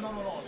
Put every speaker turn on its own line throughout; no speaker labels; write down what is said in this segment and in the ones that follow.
no, no, no.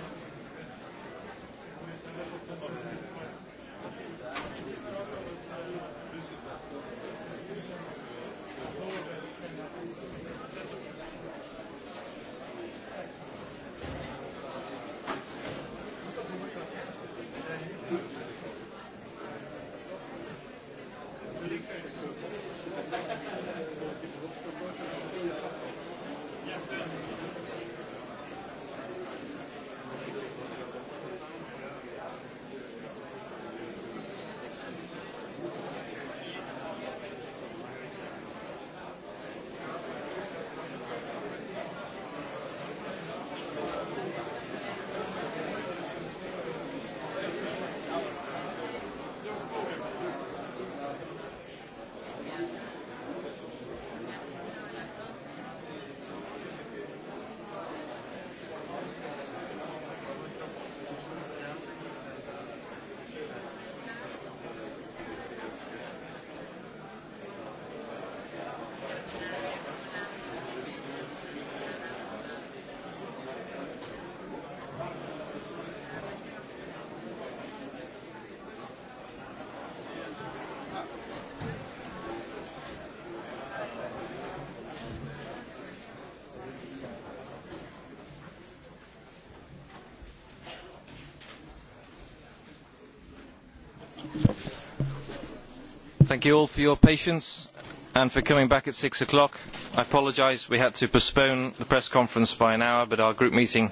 Thank you all for your patience and for coming back at six o'clock. I apologise we had to postpone the press conference by an hour, but our group meeting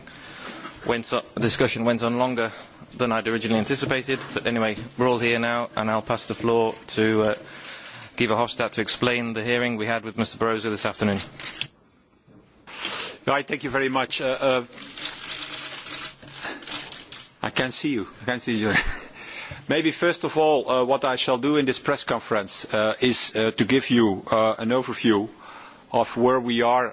discussion went on longer than I'd originally anticipated. But anyway, we're all here now, and I'll pass the floor to Guy Verhofstadt to explain the hearing we had with Mr. Barroso this afternoon. Right, thank you very much. I
can't see you. I can see you. Maybe first of all, what I shall do in this press conference is to give you an overview of where we are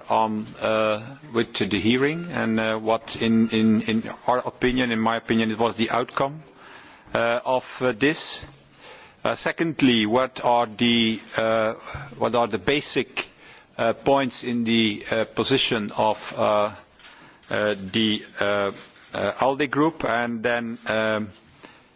with the hearing and what, in our opinion, in my opinion, it was the outcome of this. Secondly, what are the basic points in the position of the ALDE Group? And then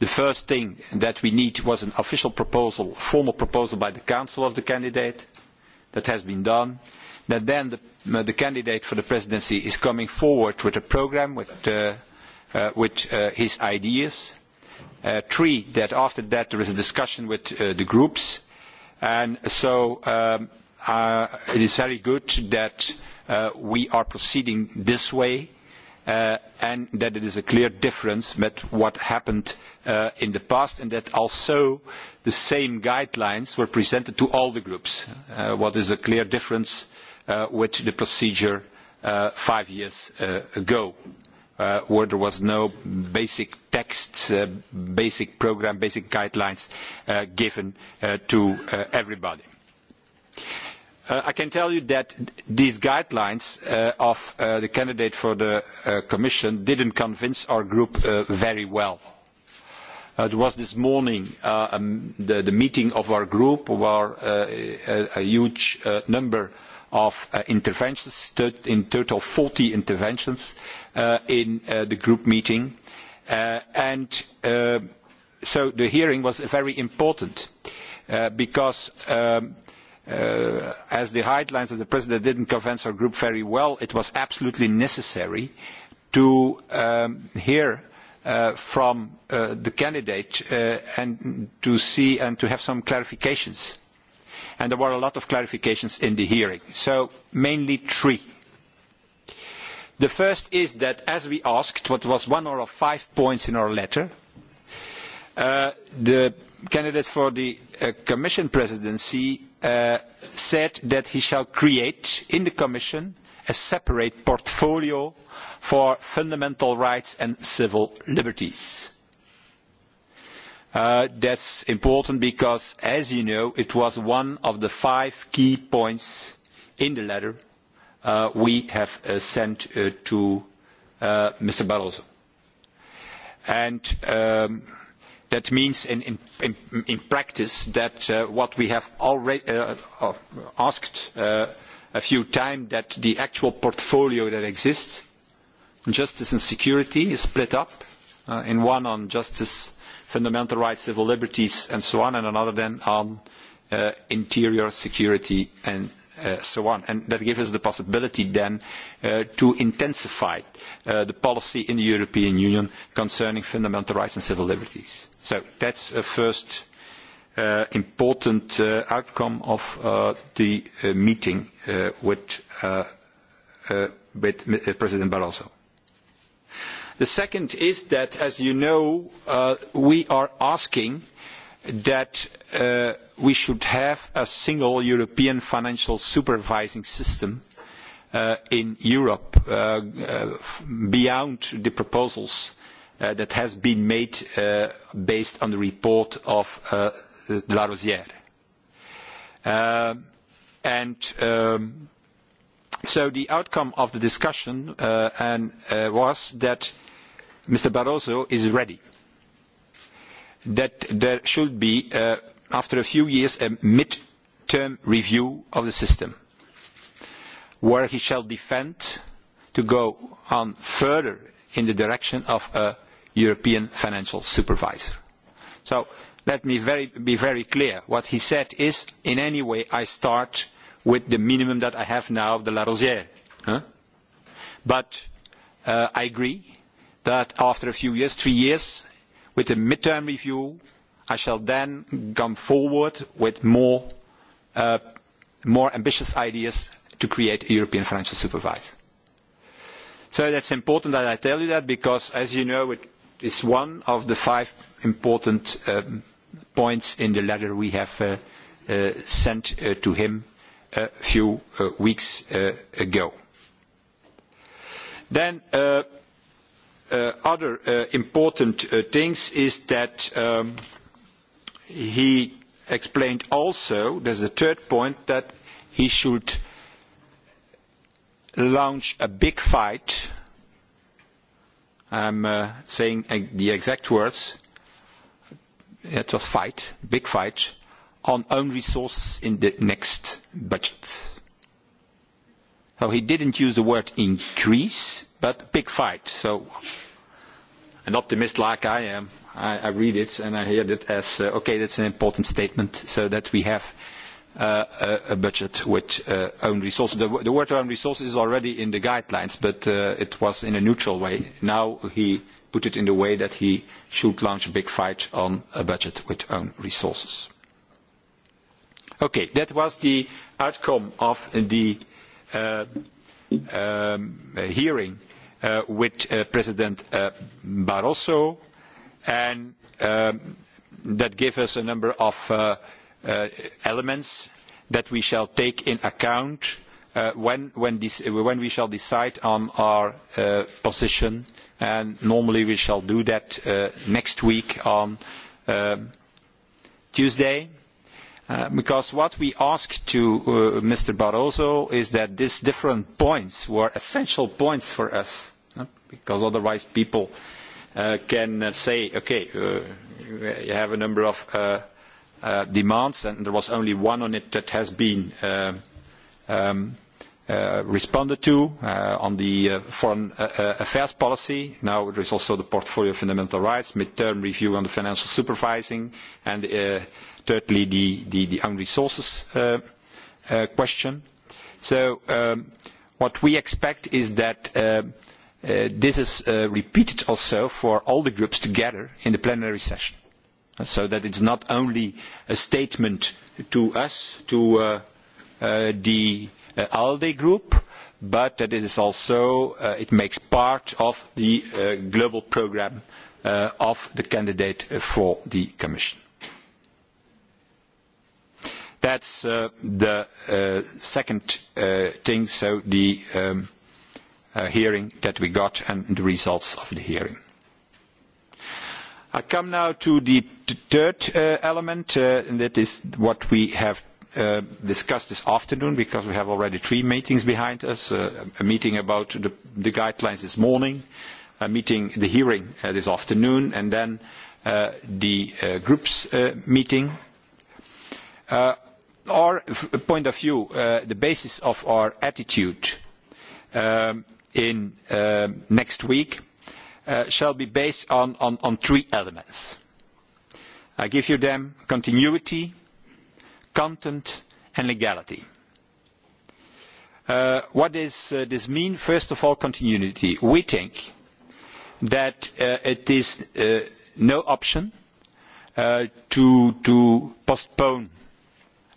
The first thing that we need was an official proposal, a formal proposal by the Council of the candidate. That has been done. That then the candidate for the presidency is coming forward with a program with his ideas. Three, that after that there is a discussion with the groups. And so it is very good that we are proceeding this way and that it is a clear difference with what happened in the past and that also the same guidelines were presented to all the groups, what is a clear difference with the procedure five years ago, where there was no basic text, basic program, basic guidelines given to everybody. I can tell you that these guidelines of the candidate for the Commission didn't convince our group very well. It was this morning the meeting of our group where a huge number of interventions, in total 40 interventions in the group meeting. And so the hearing was very important because as the guidelines of the president didn't convince our group very well, it was absolutely necessary to hear from the candidate and to see and to have some clarifications. And there were a lot of clarifications in the hearing. So mainly three. The first is that as we asked, what was one or five points in our letter, the candidate for the Commission presidency said that he shall create in the Commission a separate portfolio for fundamental rights and civil liberties. That's important because, as you know, it was one of the five key points in the letter we have sent to Mr. Barroso. And That means in practice that what we have already asked a few times, that the actual portfolio that exists, justice and security, is split up in one on justice, fundamental rights, civil liberties and so on, and another then on interior security and so on. And that gives us the possibility then to intensify the policy in the European Union concerning fundamental rights and civil liberties. So that's a first important outcome of the meeting with President Barroso. The second is that, as you know, we are asking that we should have a single European financial supervising system in Europe beyond the proposals that has been made based on the report of La Rosière. And so the outcome of the discussion was that Mr. Barroso is ready that there should be, after a few years, a mid-term review of the system, where he shall defend to go on further in the direction of a European financial supervisor. So let me be very clear. What he said is, in any way, I start with the minimum that I have now, the La Rosière. But I agree that after a few years, three years, with a midterm review, I shall then come forward with more ambitious ideas to create a European financial supervisor. So that's important that I tell you that because, as you know, it is one of the five important points in the letter we have sent to him a few weeks ago. Then other important things is that he explained also, there's a third point, that he should launch a big fight, I'm saying the exact words, it was fight, big fight, on own resources in the next budget. So he didn't use the word increase, But big fight. So an optimist like I am, I read it and I hear it as, okay, that's an important statement so that we have a budget with own resources. The word own resources is already in the guidelines, but it was in a neutral way. Now he put it in the way that he should launch a big fight on a budget with own resources. Okay, that was the outcome of the hearing with President Barroso, and that gave us a number of elements that we shall take into account when we shall decide on our position, and normally we shall do that next week on Tuesday because what we asked to Mr. Barroso is that these different points were essential points for us, because otherwise people can say, okay, you have a number of demands and there was only one on it that has been responded to on the foreign affairs policy. Now there is also the portfolio of fundamental rights, mid-term review on the financial supervising and Thirdly, the own resources question. So what we expect is that this is repeated also for all the groups together in the plenary session, so that it's not only a statement to us, to the ALDE group, but that it is also, it makes part of the global program of the candidate for the Commission. That's the second thing, so the hearing that we got and the results of the hearing. I come now to the third element, and that is what we have discussed this afternoon, because we have already three meetings behind us, a meeting about the guidelines this morning, a meeting, the hearing this afternoon, and then the groups meeting our point of view, the basis of our attitude in next week shall be based on three elements. I give you them continuity, content and legality. What does this mean? First of all, continuity. We think that it is no option to postpone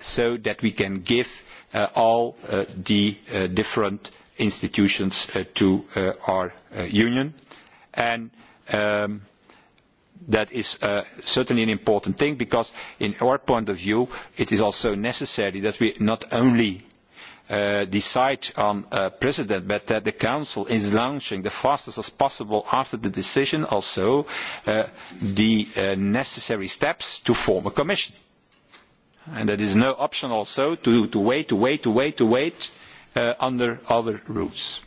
so that we can give all the different institutions to our union. And that is certainly an important thing because in our point of view it is also necessary that we not only decide on a president but that the council is launching the fastest as possible after the decision also the necessary steps to form a commission and that is no option also to wait, to wait, to wait, to wait under other rules.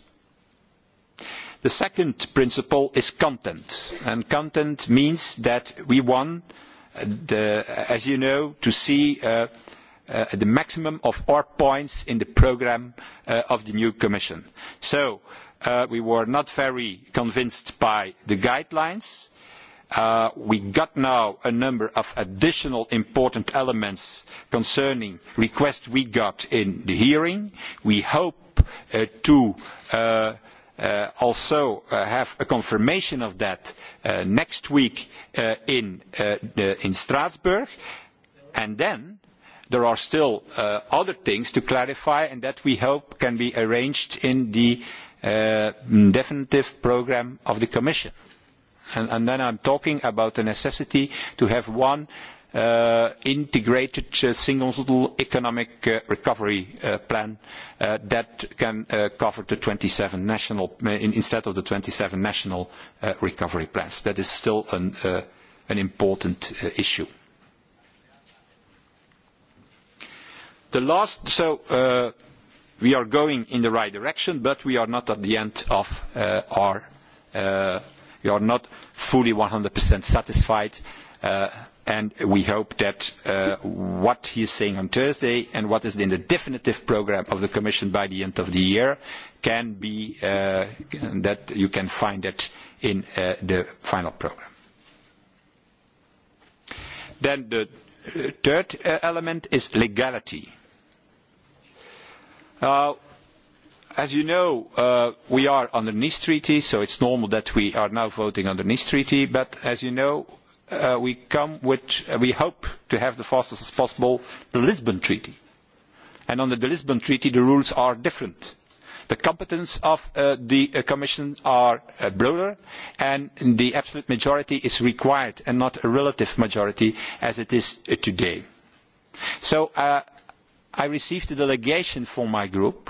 The second principle is content, and content means that we want, as you know, to see the maximum of our points in the programme of the new Commission. So we were not very convinced by the guidelines We got now a number of additional important elements concerning requests we got in the hearing. We hope to also have a confirmation of that next week in Strasbourg. And then there are still other things to clarify and that we hope can be arranged in the definitive programme of the Commission. And then I'm talking about the necessity to have one integrated single economic recovery plan that can cover the 27 national, instead of the 27 national recovery plans. That is still an important issue. The last, so we are going in the right direction, but we are not at the end of our we are not fully 100% satisfied and we hope that what he is saying on Thursday and what is in the definitive program of the Commission by the end of the year can be that you can find it in the final program. Then the third element is legality. As you know, we are under Nice Treaty, so it's normal that we are now voting under Nice Treaty. But as you know, we come with, we hope to have the fastest as possible the Lisbon Treaty. And under the Lisbon Treaty, the rules are different. The competence of the Commission are broader, and the absolute majority is required and not a relative majority as it is today. So I received a delegation from my group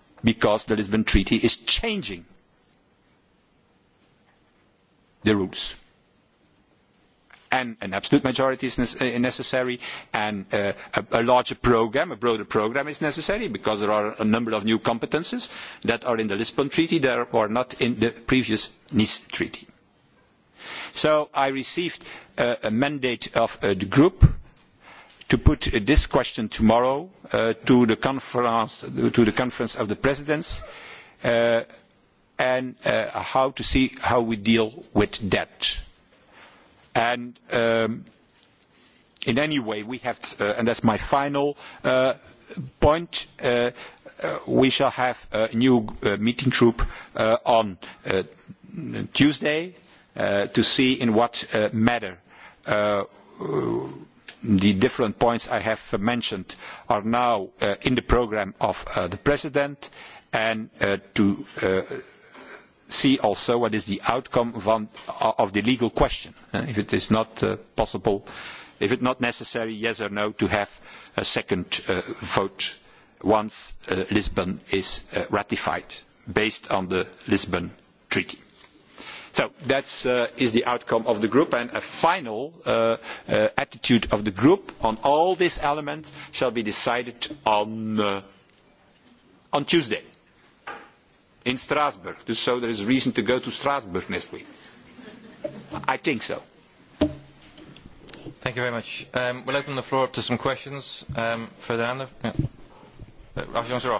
because the Lisbon Treaty is changing the rules. And an absolute majority is necessary, and a larger program, a broader program is necessary, because there are a number of new competences that are in the Lisbon Treaty that are not in the previous Nice Treaty. So I received a mandate of the group to put this question tomorrow to the conference of the presidents and how to see how we deal with debt. And in any way, we have, and that's my final point, we shall have a new meeting group on Tuesday to see in what matter the different points I have mentioned are now in the programme of the President and to see also what is the outcome of the legal question. If it is not possible, if it is not necessary, yes or no, to have a second vote once Lisbon is ratified, based on the Lisbon Treaty. So that is the outcome of the group, and a final attitude of the group on all these elements shall be decided on Tuesday in Strasbourg. So there is reason to go to Strasbourg next week.
I think so. Thank you very much. We'll open the floor up to some questions. Ferdinand? Monsieur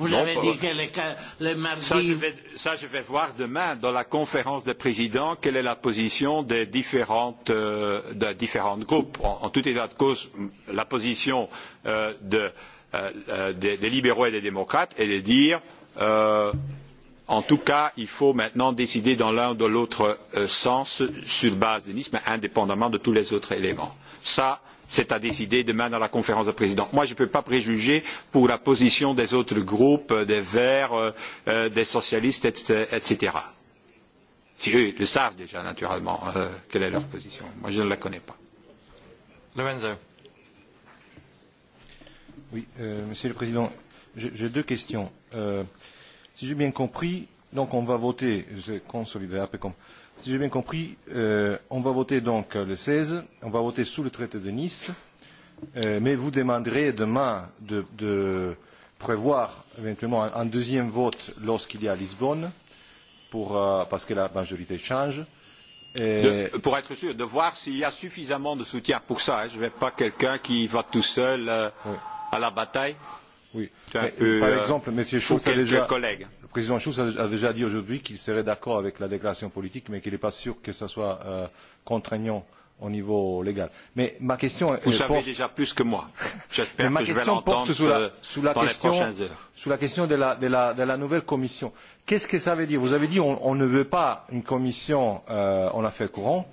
Vous avez dit que les mardis...
Ça, je vais voir demain dans la conférence des présidents quelle est la position des différents groupes. En tout état de cause, la position des libéraux et des démocrates est de dire en tout cas, il faut maintenant décider dans l'un ou dans l'autre sens sur base de Nice, mais indépendamment de tous les autres éléments. Ça, c'est à décider demain dans la conférence de présidents. Moi, je ne peux pas préjuger pour la position des autres groupes, des Verts, des socialistes, etc. Si eux le savent déjà, naturellement, quelle est leur position. Moi, je ne la connais pas.
Oui, Monsieur le Président, j'ai deux questions. Si j'ai bien compris, donc on va voter, je consolider Si j'ai bien compris, on va voter donc le 16, on va voter sous le traité de Nice, mais vous demanderez demain de prévoir éventuellement un deuxième vote lorsqu'il y a Lisbonne, parce que la majorité change. Pour
être sûr, de voir s'il y a suffisamment de soutien pour ça. Je ne vais pas quelqu'un qui va tout seul à la bataille.
Oui. Par exemple, M. Schultz a déjà président Schulz a déjà dit aujourd'hui qu'il serait d'accord avec la déclaration politique, mais qu'il n'est pas sûr que ce soit contraignant au niveau légal. Mais ma question Vous savez
déjà plus que moi. J'espère que je vais l'entendre dans les prochaines heures.
Sous la question de la nouvelle commission. Qu'est-ce que ça veut dire Vous avez dit qu'on ne veut pas une commission en affaires courantes.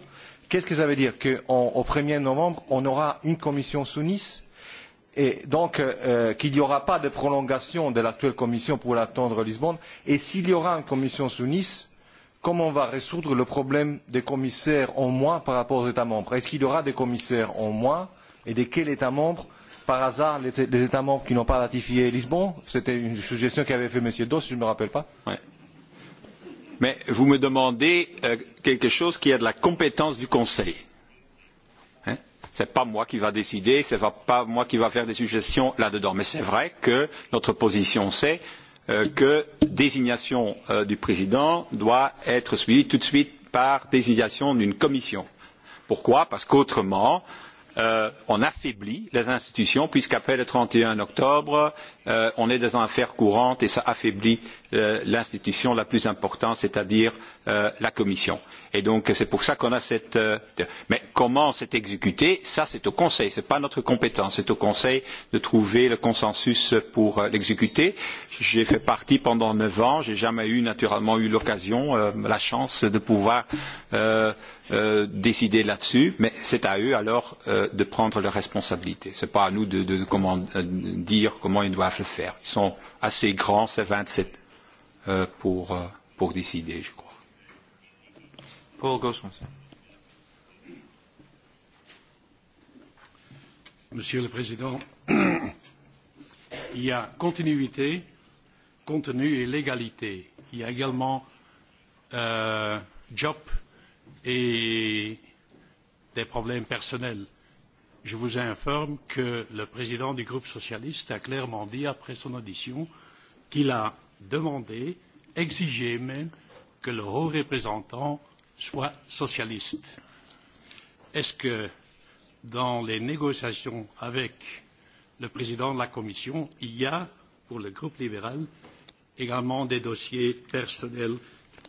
Qu'est-ce que ça veut dire Qu'au 1er novembre, on aura une commission sous Nice et donc qu'il n'y aura pas de prolongation de l'actuelle commission pour attendre lisbonne et s'il y aura une commission sous nice comment on va résoudre le problème des commissaires en moins par rapport aux états membres? est ce qu'il y aura des commissaires en moins et de quels états membres? par hasard les états membres qui n'ont pas ratifié lisbonne? c'était une suggestion qu'avait fait m. Doss, si je ne me rappelle pas. mais
vous me demandez quelque chose qui a de la compétence du conseil Ce n'est pas moi qui va décider, ce n'est pas moi qui vais faire des suggestions là-dedans. Mais c'est vrai que notre position, c'est que désignation du président doit être suivie tout de suite par désignation d'une commission. Pourquoi Parce qu'autrement, on affaiblit les institutions, puisqu'après le 31 octobre, on est dans une affaire courante et ça affaiblit l'institution la plus importante, c'est-à-dire la Commission. Et donc c'est pour ça qu'on a cette... Mais comment c'est exécuté Ça c'est au Conseil, ce n'est pas notre compétence. C'est au Conseil de trouver le consensus pour l'exécuter. J'ai fait partie pendant neuf ans, je n'ai jamais eu naturellement eu l'occasion, la chance de pouvoir décider là-dessus, mais c'est à eux alors de prendre leurs responsabilités. Ce n'est pas à nous de dire comment ils doivent le faire. Ils sont assez grands, ces 27 pour, pour décider, je crois.
Paul Gosmanson.
Monsieur le Président, il y a continuité, contenu et légalité. Il y a également euh, job et des problèmes personnels je vous informe que le président du groupe socialiste a clairement dit après son audition qu'il a demandé exigé même que le haut représentant soit socialiste. est ce que dans les négociations avec le président de la commission il y a pour le groupe libéral également des dossiers personnels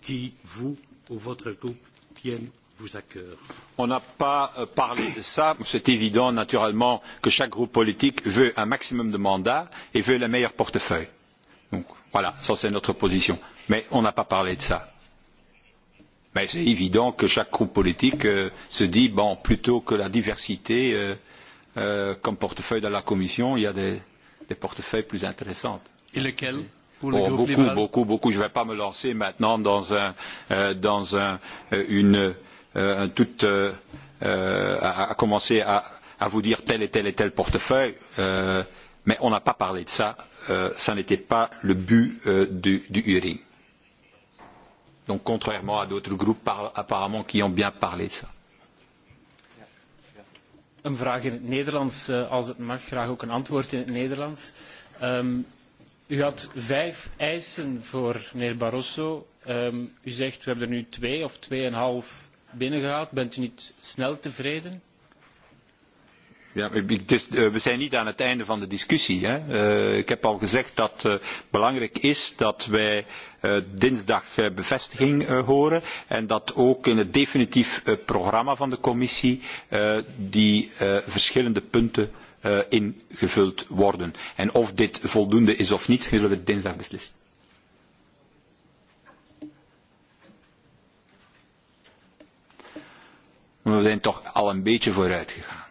qui vous ou votre groupe tiennent On n'a pas parlé de
ça. C'est évident, naturellement, que chaque groupe politique veut un maximum de mandats et veut le meilleur portefeuille. Donc, voilà, ça c'est notre position. Mais on n'a pas parlé de ça. Mais c'est évident que chaque groupe politique se dit, bon, plutôt que la diversité comme portefeuille de la Commission, il y a des portefeuilles plus intéressantes. Et lesquels Beaucoup, beaucoup, beaucoup. Je ne vais pas me lancer maintenant dans une tout à commencer à vous dire tel et tel et tel portefeuille, mais on n'a pas parlé de ça, ça n'était pas le but du hearing. Donc contrairement à d'autres groupes apparemment qui ont bien parlé de ça.
Een vraag in
het Nederlands, als het mag, graag ook een antwoord in het Nederlands. U had vijf eisen voor meneer Barroso. U zegt we hebben er nu twee of tweeënhalf binnengehaald. Bent u niet snel tevreden?
We zijn niet aan het einde van de discussie. Ik heb al gezegd dat het belangrijk is dat wij dinsdag bevestiging horen en dat ook in het definitief programma van de commissie die verschillende punten ingevuld worden. En of dit voldoende is of niet, zullen we dinsdag beslissen. maar we zijn toch al een beetje vooruit gegaan.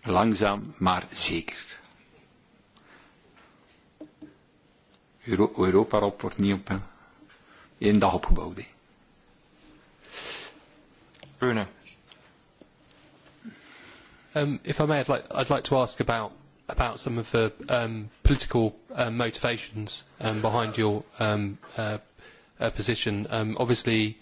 Langzaam, maar zeker. Europa op wordt niet op
één dag opgebouwd. Hè. Bruno. Um, if I may, I'd like, I'd like to ask about about some of the um, political uh motivations um, behind your um, uh uh, position. Um, obviously,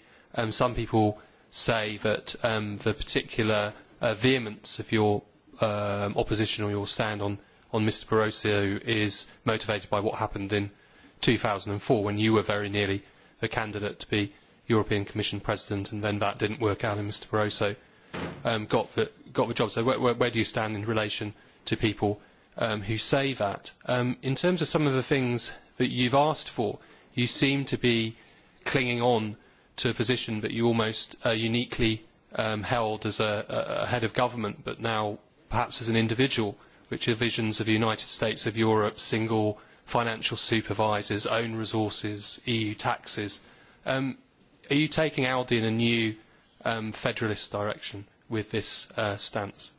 Some people say that the particular vehemence of your opposition or your stand on Mr Barroso is motivated by what happened in 2004 when you were very nearly a candidate to be European Commission President and then that didn't work out and Mr Barroso got the job. So where do you stand in relation to people who say that? In terms of some of the things that you've asked for, you seem to be clinging on to a position that you almost uniquely held as a head of government, but now perhaps as an individual, which are visions of the United States of Europe, single financial supervisors, own resources, EU taxes. Are you taking Aldi in a new federalist direction with this stance?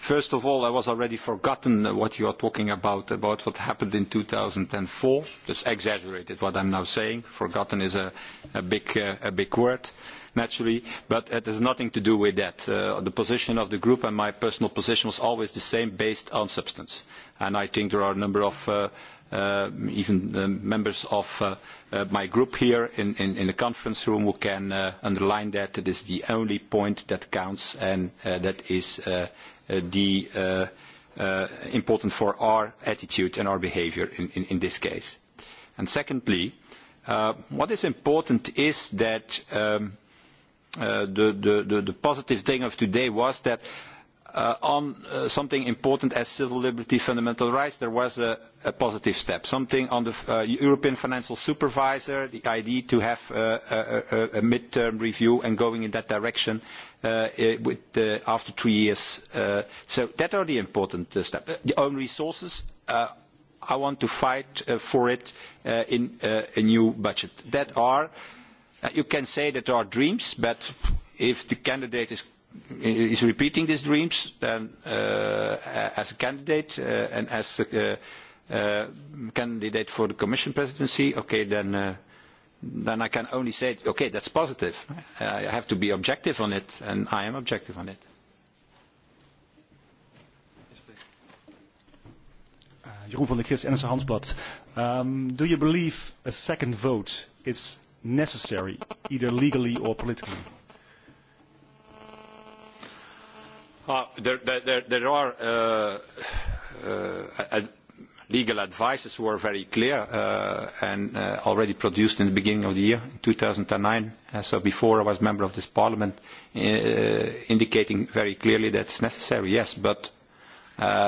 First of all, I was already forgotten what you are talking about, about what happened in 2004. That's exaggerated what I'm now saying. Forgotten is a big word, naturally, but it has nothing to do with that. The position of the group and my personal position was always the same, based on substance. And I think there are a number of even members of my group here in the conference room who can underline that. It is the only point that counts, and that is the important for our attitude and our behavior in this case. And secondly, what is important is that the positive thing of today was that on something important as civil liberty, fundamental rights, there was a positive step. Something on the European Financial Supervisor, the idea to have a mid-term review and going in that direction with after three years. So that are the important steps. The own resources, I want to fight for it in a new budget. That are, you can say that are dreams, but if the candidate is is repeating these dreams, then as a candidate and as a candidate for the Commission presidency, okay, then then I can only say, okay, that's positive. I have to be objective on it, and I am objective on it.
Jeroen van der Kris, Handelsblad. Do you believe a second vote is necessary, either legally or politically?
There are legal advices were very clear and already produced in the beginning of the year, 2009, so before I was member of this parliament, indicating very clearly that it's necessary, yes, but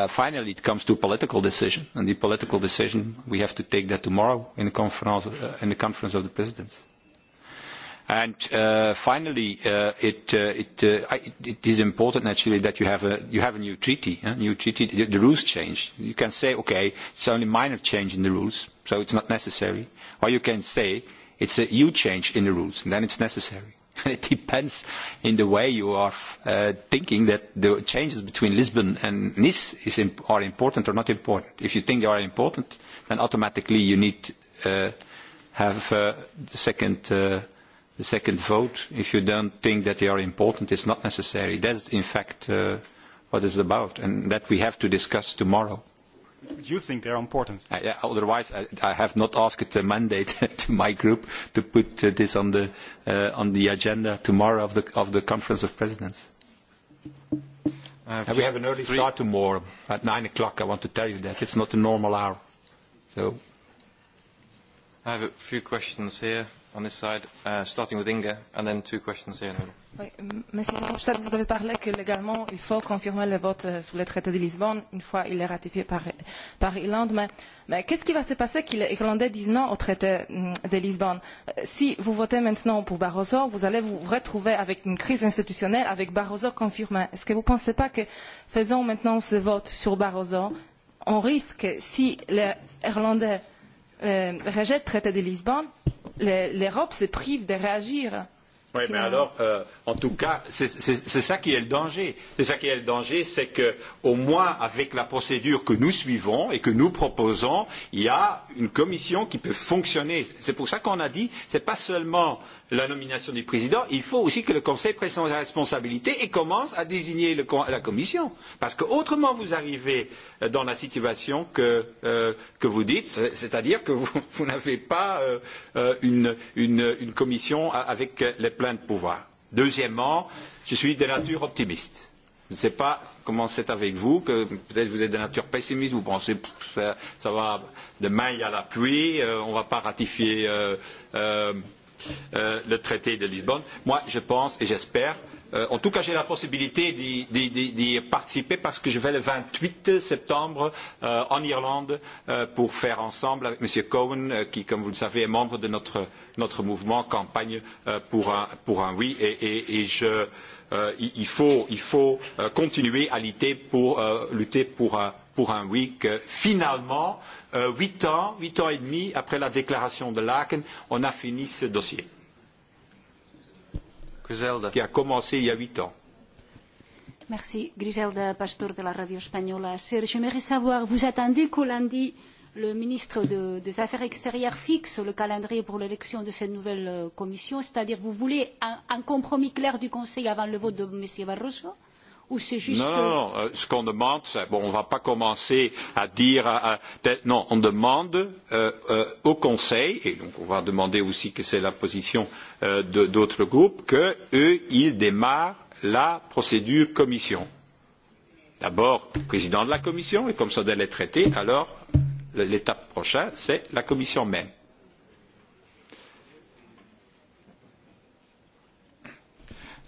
finally it comes to political decision, and the political decision, we have to take that tomorrow in the conference of the presidents. And finally, it is important actually that you have a new treaty. the rules change. You can say, okay, it's only minor change in the rules, so it's not necessary. Or you can say it's a huge change in the rules, and then it's necessary. It depends in the way you are thinking that the changes between Lisbon and Nice are important or not important. If you think they are important, then automatically you need to have the second The second vote, if you don't think that they are important, is not necessary. That's in fact what it's about, and that we have to discuss tomorrow. You think they are important? Otherwise, I have not asked a mandate to my group to put this on the agenda tomorrow of the Conference of Presidents. We have an early start
tomorrow at 9 o'clock. I want to tell you that it's not a normal hour. So, I have a few questions here on this side, starting with Inge, and then two questions here in the
middle. Monsieur Verhofstadt, vous avez parlé que légalement, il faut confirmer le vote sur le traité de Lisbonne une fois il est ratifié par Irlande. Mais qu'est-ce qui va se passer que les Irlandais disent non au traité de Lisbonne Si vous votez maintenant pour Barroso, vous allez vous retrouver avec une crise institutionnelle, avec Barroso confirmé. Est-ce que vous ne pensez pas que faisons maintenant ce vote sur Barroso, on risque, si les Irlandais rejettent le traité de Lisbonne, l'Europe se prive de réagir.
Oui, mais
alors, en tout cas, c'est ça qui est le danger. C'est ça qui est le danger, c'est que, au moins, avec la procédure que nous suivons et que nous proposons, il y a une commission qui peut fonctionner. C'est pour ça qu'on a dit, ce n'est pas seulement la nomination du président, il faut aussi que le Conseil prenne ses responsabilités et commence à désigner la Commission. Parce que autrement vous arrivez dans la situation que vous dites, c'est-à-dire que vous n'avez pas une Commission avec les pleins de pouvoirs. Deuxièmement, je suis de nature optimiste. Je ne sais pas comment c'est avec vous, que peut-être vous êtes de nature pessimiste, vous pensez ça va demain il y a la pluie, on ne va pas ratifier le traité de Lisbonne. Moi, je pense et j'espère, en tout cas j'ai la possibilité d'y participer parce que je vais le 28 septembre en Irlande pour faire ensemble avec M. Cohen, qui comme vous le savez est membre de notre mouvement campagne pour un oui et il faut continuer à lutter pour un oui que finalement huit ans, huit ans et demi après la déclaration de Laken, on a fini ce dossier. Qui a commencé il y a 8 ans.
Merci. Griselda Pastor de la Radio Española. J'aimerais savoir, vous attendez qu'au lundi, le ministre des Affaires extérieures fixe le calendrier pour l'élection de cette nouvelle commission, c'est-à-dire vous voulez un compromis clair du Conseil avant le vote de M. Barroso Ou c'est juste... Non,
non, ce qu'on demande, bon, on ne va pas commencer à dire... Non, on demande au Conseil, et donc on va demander aussi que c'est la position d'autres groupes, eux, ils démarrent la procédure Commission. D'abord, président de la Commission, et comme ça, doit est traité, alors l'étape prochaine, c'est la Commission même.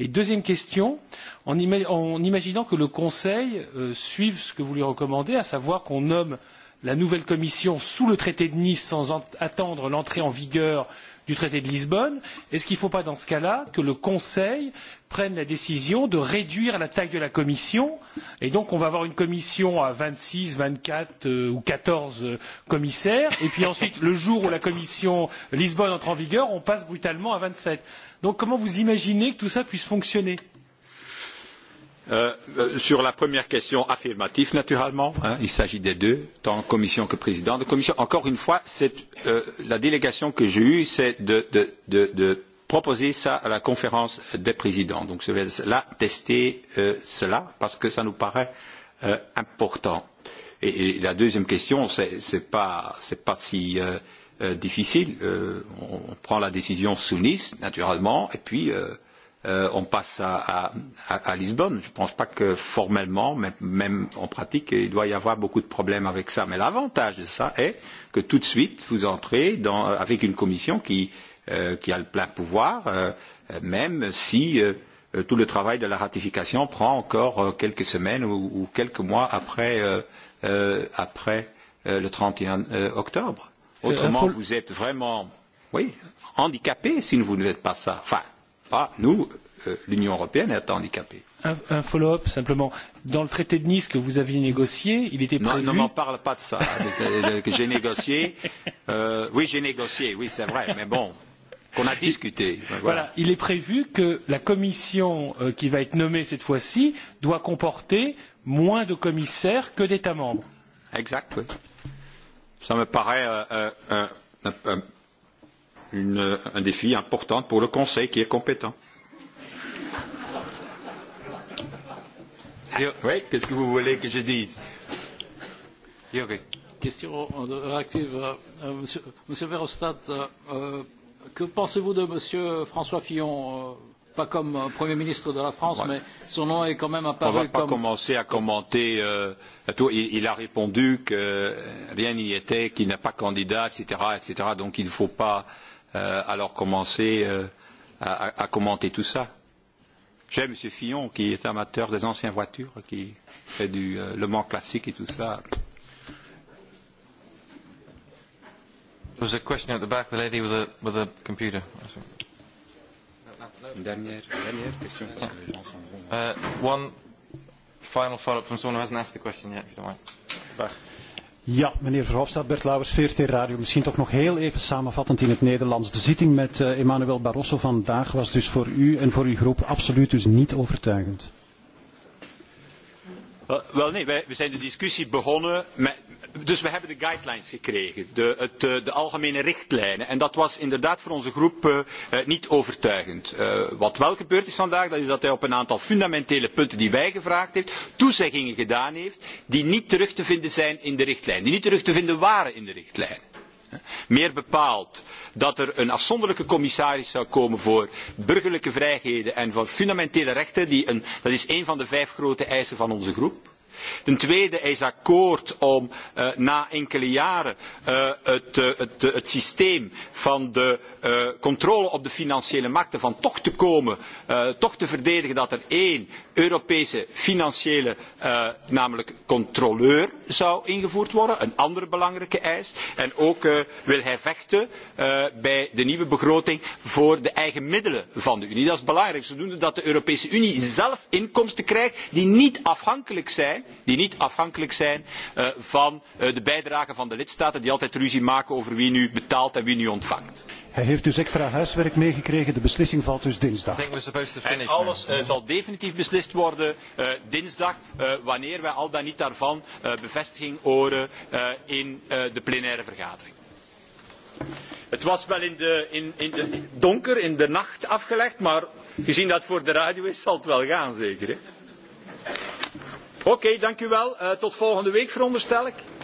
Et deuxième question, en imaginant que le Conseil suive ce que vous lui recommandez, à savoir qu'on nomme la nouvelle Commission sous le traité de Nice sans attendre l'entrée en vigueur du traité de Lisbonne, est-ce qu'il ne faut pas dans ce cas-là que le Conseil prenne la décision de réduire la taille de la Commission et donc on va avoir une Commission à vingt six, vingt quatre ou quatorze commissaires et puis ensuite le jour où la Commission Lisbonne entre en vigueur, on passe brutalement à 27. Donc comment vous imaginez que tout cela puisse fonctionner
Sur la première question, affirmative, naturellement. Il s'agit des deux, tant commission que président de commission. Encore une fois, la délégation que j'ai eue, c'est de proposer ça à la conférence des présidents. Donc je vais là tester cela parce que ça nous paraît important. Et la deuxième question, ce n'est pas si difficile. On prend la décision sous Nice, naturellement, et puis on passe à Lisbonne. Je ne pense pas que formellement, même en pratique, il doit y avoir beaucoup de problèmes avec ça. Mais l'avantage de ça est que tout de suite, vous entrez avec une commission qui a le plein pouvoir, même si tout le travail de la ratification prend encore quelques semaines ou quelques mois après le 31 octobre. Autrement, vous êtes vraiment handicapé si vous ne faites pas ça pas nous, l'Union européenne, est handicapée.
Un follow-up simplement. Dans le traité de Nice que vous aviez négocié, il était prévu. Non, ne m'en
parle pas de ça. J'ai négocié. Oui, j'ai négocié, oui, c'est vrai, mais bon, qu'on a discuté. Voilà.
Il est prévu que la commission qui va être nommée cette fois-ci doit comporter moins de commissaires que d'États membres. Exact, oui.
Ça me paraît un défi important pour le Conseil qui est compétent. Oui, qu'est-ce que vous voulez que je dise
Question réactive. Monsieur Verhofstadt, que pensez-vous de Monsieur François Fillon Pas comme Premier ministre de la France, mais son nom est quand même apparu comme... On ne va pas
commencer à commenter. Il a répondu que rien n'y était, qu'il n'a pas candidat, etc. Donc il ne faut pas alors euh, à à commenter tout ça. J'ai M. Fillon, qui est amateur des anciennes voitures, qui
fait du Le Mans classique et tout ça. There was a question at the back, the lady with a, with a computer. Dernière, dernière question, les gens sont... Uh, one final follow-up from someone who hasn't asked the question yet, if you don't mind.
Ja, meneer Verhofstadt, Bert Lauwers, VRT Radio. Misschien toch nog heel even samenvattend in het Nederlands. De zitting met Emmanuel Barroso vandaag was dus voor u en voor uw groep absoluut dus niet overtuigend.
Wel nee, we zijn de discussie begonnen Dus we hebben de guidelines gekregen, de algemene richtlijnen. En dat was inderdaad voor onze groep niet overtuigend. Wat wel gebeurd is vandaag, dat is dat hij op een aantal fundamentele punten die wij gevraagd heeft, toezeggingen gedaan heeft die niet terug te vinden zijn in de richtlijn, die niet terug te vinden waren in de richtlijn. Meer bepaald dat er een afzonderlijke commissaris zou komen voor burgerlijke vrijheden en voor fundamentele rechten, dat is een van de vijf grote eisen van onze groep Ten tweede, is akkoord om na enkele jaren het systeem van de controle op de financiële markten van toch te komen, toch te verdedigen dat er één Europese financiële, namelijk controleur, zou ingevoerd worden. Een andere belangrijke eis. En ook wil hij vechten bij de nieuwe begroting voor de eigen middelen van de Unie. Dat is belangrijk, zodoende dat de Europese Unie zelf inkomsten krijgt die niet afhankelijk zijn die niet afhankelijk zijn van de bijdrage van de lidstaten die altijd ruzie maken over wie nu betaalt en wie nu ontvangt.
Hij heeft dus extra huiswerk meegekregen. De beslissing valt dus dinsdag.
En alles zal definitief beslist worden dinsdag wanneer wij al dan niet daarvan bevestiging horen in de plenaire vergadering. Het was wel in de donker, in de nacht afgelegd, maar gezien dat het voor de radio is, zal het wel gaan zeker. Oké, dank u wel. Tot volgende week veronderstel ik.